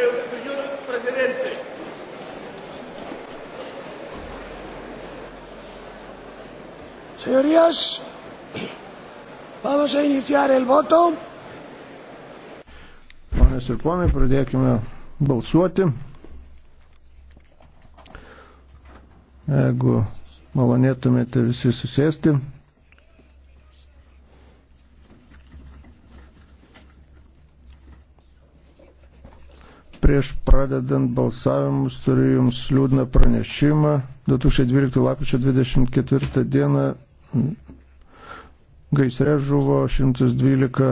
Señor presidente. Señorías, vamos a iniciar el voto. Ponios ir ponai, pradėkime balsuoti. Jeigu malonėtumėte visi susėsti. Prieš pradedant balsavimus turiu Jums liūdną pranešimą. 2012 lapkričio 24 dieną gaisre žuvo 112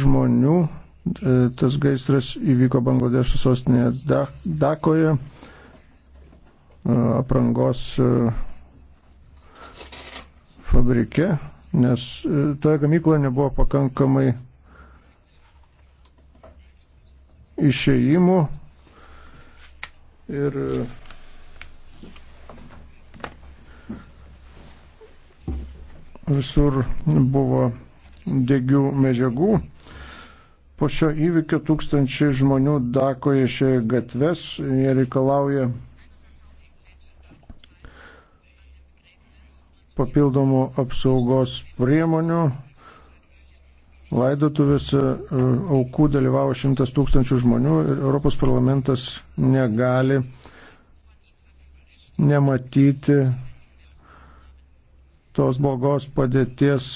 žmonių. E, tas gaisras įvyko Bangladešo sostinėje Dakoje. E, aprangos e, fabrike, nes toje gamykloje nebuvo pakankamai išėjimų ir e, visur buvo degių medžiagų. Po šio įvykio tūkstančiai žmonių dakoje išėjo gatves, jie reikalauja papildomų apsaugos priemonių, Laidotuvėse aukų dalyvavo šimtas tūkstančių žmonių ir Europos parlamentas negali nematyti tos blogos padėties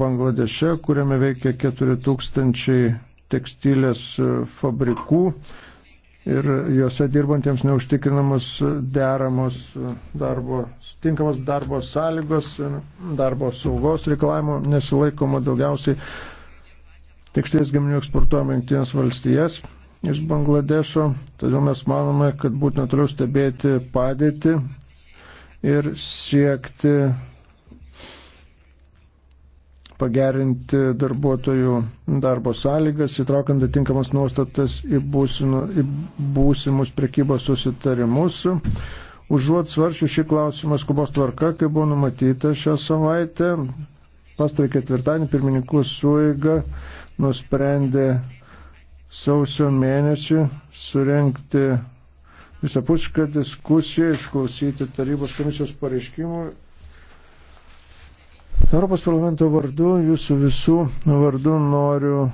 Bangladeše, kuriame veikia 4000 tekstilės e, fabrikų ir juose dirbantiems neužtikrinamos deramos e, darbo, tinkamos darbo sąlygos, e, darbo saugos reikalavimo nesilaikoma daugiausiai tekstilės gaminių eksportuojama Junktinės valstijas iš Bangladešo, todėl mes manome, kad būtina toliau stebėti padėtį ir siekti pagerinti darbuotojų darbo sąlygas, įtraukiant atitinkamas nuostatas į, būsinu, į būsimus prekybos susitarimus. Užuot svaršiu šį klausimą skubos tvarka, kaip buvo numatyta šią savaitę, pastarį ketvirtadienį pirmininkų suiga nusprendė sausio mėnesį surenkti visapušką diskusiją, išklausyti tarybos komisijos pareiškimų. Europos parlamento vardu, jūsų visų vardu noriu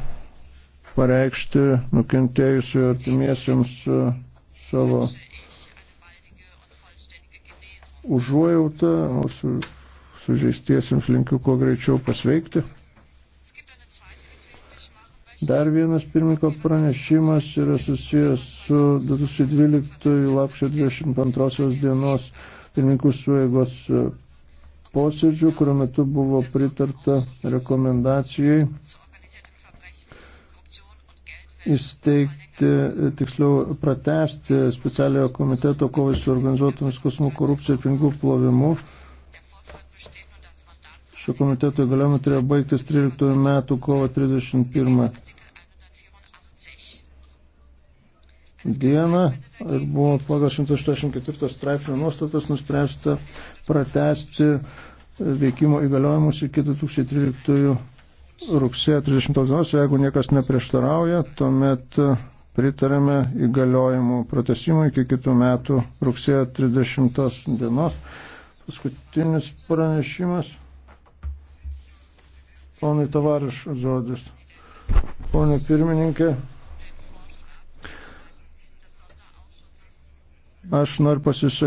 pareikšti nukentėjusių artimiesiams e, savo užuojautą, mūsų sužeistiesiems linkiu kuo greičiau pasveikti. Dar vienas pirmininko pranešimas yra susijęs su 2012 lapšio 22 dienos pirmininkų suėgos posėdžių, kuriuo metu buvo pritarta rekomendacijai įsteigti, tiksliau pratesti specialiojo komiteto kovai su organizuotomis kosmų korupcija ir pinigų plovimu šio komiteto įgaliojimai turėjo baigtis 13 metų kovo 31 dieną ir buvo pagal 184 straipsnio nuostatas nuspręsta pratesti veikimo įgaliojimus iki 2013 rugsėjo 30 dienos, jeigu niekas neprieštarauja, tuomet pritarėme įgaliojimų pratesimui iki kitų metų rugsėjo 30 dienos. Paskutinis pranešimas. Ponai Tavariš žodis. Pone pirmininkė, aš noriu pasisakyti.